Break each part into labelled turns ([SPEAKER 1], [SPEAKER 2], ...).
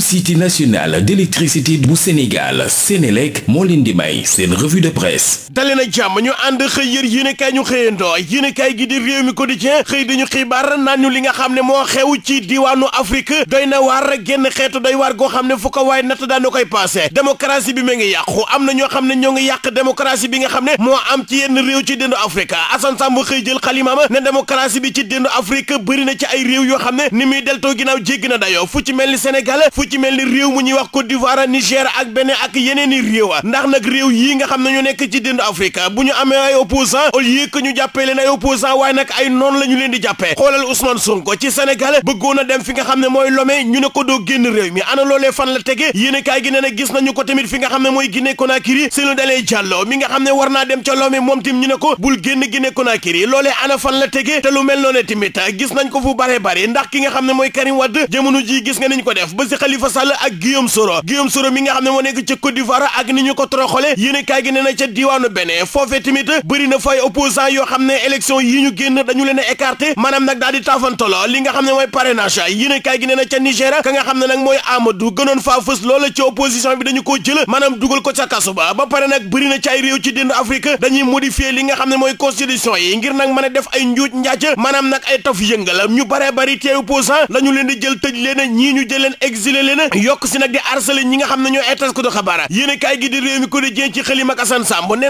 [SPEAKER 1] société nationale d'électricité bu Sénégal Sénélec moo leen di may seen ñu ànd xëy yër yéenekaay gi di réew mi li nga xam ne moo xew ci diwaanu Afrique na waar génn xeetu doy waar goo xam ne fu ko waaye natt daana koy passé démocratie bi xam ne ñoo ngi yàq bi nga xam ne moo am ci yenn réew ci déndu Afrique Assane Samb xëy jël xalimaama ne démocratie bi ci déndu Afrique na ci yoo xam ne ni muy deltoo ginnaaw jégg na dayoo fu ci mel ni Sénégal fu ci mel ni réew mu ñuy wax Côte a Niger ak Bénin ak yeneen i réew ndax nag réew yii nga xam ne ñu nekk ci dëndu Afrique bu ñu amee ay opposant au lieu ñu jàppee leen ay opposant waaye nag ay noonu la leen di jàppee xoolal Ousmane Sonko ci Sénégal bëggoon a dem fi nga xam ne mooy Lomé ñu ne ko doo génn réew mi ana loolee fan la tege yéen kaay gi ne na gis nañu ko tamit fi nga xam ne mooy Guinée Conakry Cellou Dalein Diallo mi nga xam ne war naa dem ca moom tim ñu ne ko bul génn Guinée Conakry loolee la tege te lu mel noonu tamit gis nañ ko fu bare bare ndax ki nga xam ne mooy Karim Wade jamono ji gis ko def ba Khalifa Sall ak Guillaume Soro Guillaume Soro mi nga xam yoo xam ne élection yi ñu génn dañu leen a écarté maanaam li nga xam ne mooy parrainage yéen kaay gi nee na ca Niger ka nga xam ne nag mooy Amadou gënoon faa fës loola ci opposition bi dañu koo jël maanaam dugal ko ca kaso ba pare nag bëri na ci ay réew ci dénd Afrique dañuy modifier li nga xam ne mooy constitution yi ngir nag mën a def ay njuuj njaac maanaam nag ay taf yëngal ñu bare bari tey opposant lañu leen di jël tëj leen ñii ñu jël leen exil boole leen a yokk si nag di harcelé ñi nga xam ne ñoo ay taskatu xabaar yéen kaay gi di réew mi ko di jën ci xëlim ak Assane Samb nee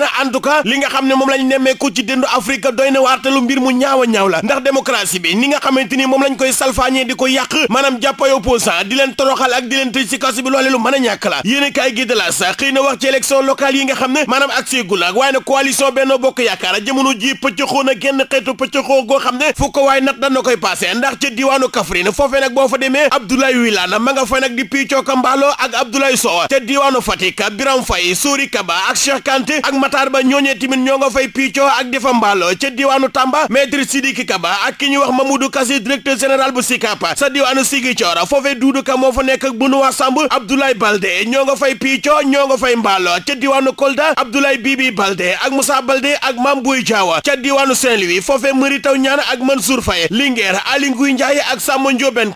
[SPEAKER 1] li nga xam ne moom lañ nemmeeku ci dëndu Afrique doy na waartalu mbir mu ñaaw a ñaaw la ndax démocratie bi ni nga xamante ni moom lañ koy salfaañee di ko yàq maanaam jàppay opposant di leen toroxal ak di leen tëj si kaso bi loole lu mën a la yéen kaay gi la sax xëy wax ci élection locale yi xam ne maanaam ak seegul noppee nag di piicoo ko mbaaloo ak ca diwaanu Fatick Biram Faye Souri Kaba ak Cheikh Kanté ak Matar Ba ñooñee tamit ñoo fay piicoo ak di fa mbaaloo ca diwaanu Tamba maître Sidiki Kaba ak ki ñuy wax Mamadou Kassé directeur général bu SICAP sa diwaanu Ziguinchor foofee Doudou Ka moo fa nekk ak Bounoua Samb Abdoulaye Baldé ñoo nga fay piicoo ñoo nga fay mbaaloo ca diwaanu Kolda Abdoulaye Bibi Baldé ak Moussa Baldé ak Mame Boye Diao ca diwaanu Saint-Louis foofee Mary Teuw a ak Mansour Faye Linguère Aly Ngouille Ndiaye ak Samba Ndiobène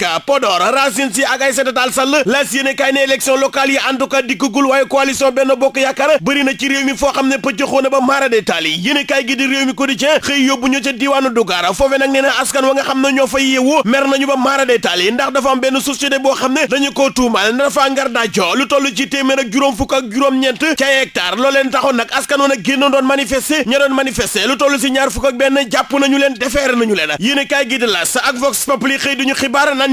[SPEAKER 1] Macky Sall laas yéene kaay ne élection locale yi en tout cas dikkagul waaye coalition benn bokk yaakaar bëri ci réew mi foo xam ne pëccëxoo na ba maarade taal yi yéene kaay réew mi quotidien xëy yóbbu ñu ca diiwaanu Dugaara foofe nag nee na askan wa nga xam ne ñoo fa yeewu mer nañu ba maarade taal yi ndax dafa am benn société boo xam ne dañu koo tuumaal dafa ngar daajoo lu toll ci téeméer ak juróom fukk ak juróom-ñeent ca hectare loo leen nag askan woon a génnoon doon manifester ña doon manifester lu si ñaar fukk ak benn leen defeere nañu leen yéene kaay gi di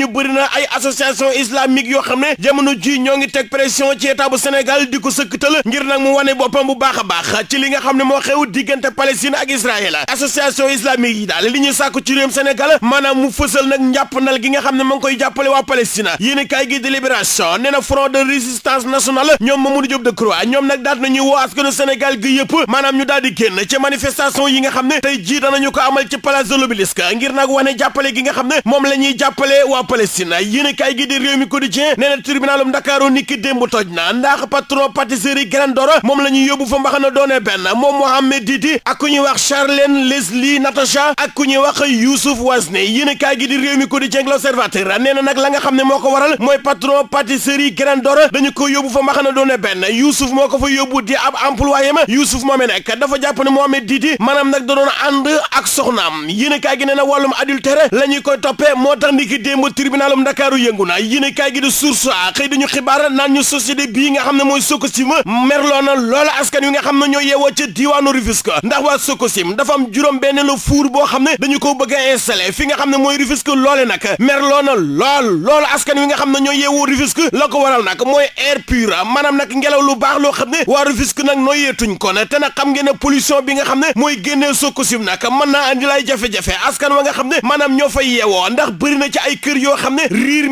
[SPEAKER 1] bëri na ay association islamique politique yoo xam ne jamono ji ñoo ngi teg pression ci état bu Sénégal di ko sëkkatal ngir nag mu wane boppam bu baax a baax ci li nga xam ne moo xew diggante Palestine ak Israël association islamique yi daal li ñuy sàkku ci réewum Sénégal maanaam mu fësal nag njàppandal gi nga xam ne ma ngi koy jàppale waa Palestine yéen i kaay gi de libération na front de résistance nationale ñoom Mamadou Diop Decroix ñoom nag daat nañuy woo askanu Sénégal yëpp maanaam ñu daal di génn ci manifestation yi nga xam ne tey jii danañu ko amal ci nag wane jàppale gi nga xam ne moom la ñuy jàppale waa Palestine yéen i kaay gi di réew mi ko Quotidien nee na tribunalum Ndakaaru ni ki démb toj na ndax patron pâtisserie Grande Doro moom la ñuy yóbbu fa mbaxana doone benn moom Mohamed Didi ak ku ñuy wax Charlène Leslie Natacha ak ku ñuy wax Youssouf Wasne yéen a kaay gi di réew mi Quotidien ak L'Observateur nee na nag la nga xam ne moo ko waral mooy patron pâtisserie Grande Doro dañu ko yóbbu fa mbaxana doone benn Youssouf moo ko fa yóbbu di ab employé ma Youssouf moomee nekk dafa jàpp ne Mohamed Didi maanaam nag da doon ànd ak soxnaam yéen na wàllum adultère la ñuy koy toppee moo tax ni ki démb tribunalum Ndakaaru yëngu na yéen a kaay de source a ah, xëy dañu xibaar naan ñu société bii nga xam ne mooy Sococim merloo na loola askan wi nga xam ne ñoo yeewoo ca diiwaanu Rufisque ndax waa Sococim dafa am juróom benn la fuur boo xam ne dañu ko bëgg a nga xam ne mooy Rufisque loole nag merloo na lool loolu askan wi nga xam ne ñoo yeewoo Rufisque la ko waral nag mooy air pur maanaam nag ngelaw lu baax loo xam ne waa Rufisque nag noo yeetuñ ko na te xam ngeen ne pollution bi nga xam ne mooy génnee Sococim nag mën naa andi lay jafe-jafe askan wa nga xam ne maanaam ñoo fay yeewoo ndax bëri na ci ay yoo xam ne riir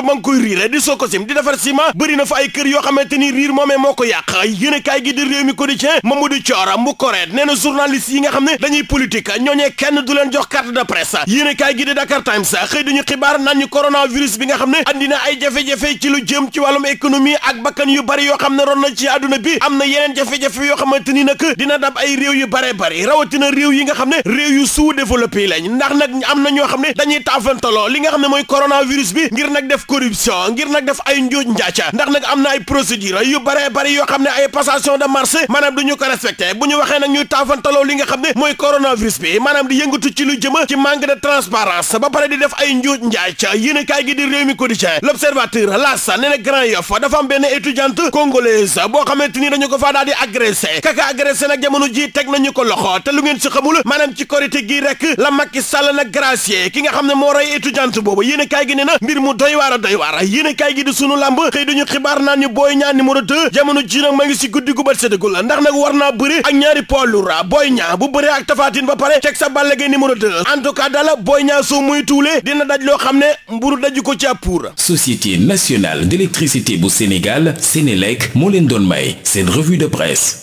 [SPEAKER 1] réew ma ngi koy riire di Sococim di defar ciment bëri na fa ay kër yoo xamante ni riir moomee moo ko yàq yéen gi di réew mi quotidien Mamadou Thiora mu koreet nee na journaliste yi nga xam ne dañuy politique ñooñee kenn du leen jox carte de presse yéen gi di Dakar Times xëy dañu xibaar naan ñu coronavirus bi nga xam ne andi na ay jafe-jafe ci lu jëm ci wàllum économie ak bakkan yu bari yoo xam ne ron na ci àdduna bi am na yeneen jafe-jafe yoo def corruption ngir nag def ay njuuj njaaca ndax nag am na ay procédure yu bare bare yoo xam ne ay passation de marché maanaam du ñu ko respecté bu ñu waxee nag ñuy taafantaloo li nga xam ne mooy coronavirus bi maanaam di yëngatu ci lu jëma ci manque de transparence ba pare di def ay njuuj njaaca yéen kaay gi di réew mi quotidien l'observateur laasa nee na Grand Yoff dafa am benn étudiante congolaise boo xamante ni dañu ko fa daal di agressé kaka agressé nag jamono ji teg nañu ko loxo te lu ngeen si xamul maanaam ci korité gi rek la Macky Sall nag gracier ki nga xam ne moo rey étudiante boobu yéen kaay gi nee na mbir mu doy waar a doy waar yéen kaay gi di sunu lamb xëy duñu xibaar naa ñu booy Niang numéro 2 jamono ji nag ma ngi si guddi gu bët séddagul ndax nag war naa bëri ak ñaari poids lourd Boy Niang bu bëri ak Tapha Tine ba pare teg sa Balla Gaye numéro 2 en tout cas dala Boy Niang soo muy tuulee dina daj loo xam ne mburu daju ko ci pour Société nationale d'électricité bu Sénégal Sénélec moo leen doon may seen revue de presse